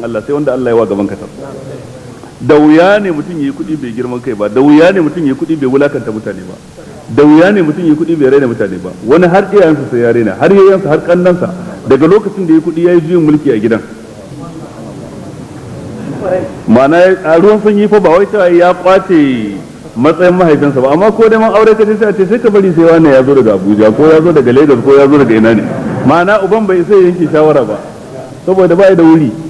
Allah sai wanda Allah ya wa gaban ka da wuya ne mutum yi kuɗi bai girman kai ba da wuya ne mutum yi kuɗi bai wulakanta mutane ba da wuya ne mutum yi kuɗi bai raina mutane ba wani har iyayensa sai ya raina har iyayensa har kannansa daga lokacin da ya kuɗi yayi yi juyin mulki a gidan ma'ana a ruwan sanyi fa ba wai ta ya kwace matsayin mahaifinsa ba amma ko da man aure ka sai a ce sai ka bari sai wani ya zo daga Abuja ko ya zo daga Lagos ko ya zo daga ina ne ma'ana uban bai sai yanke shawara ba saboda ba da wuri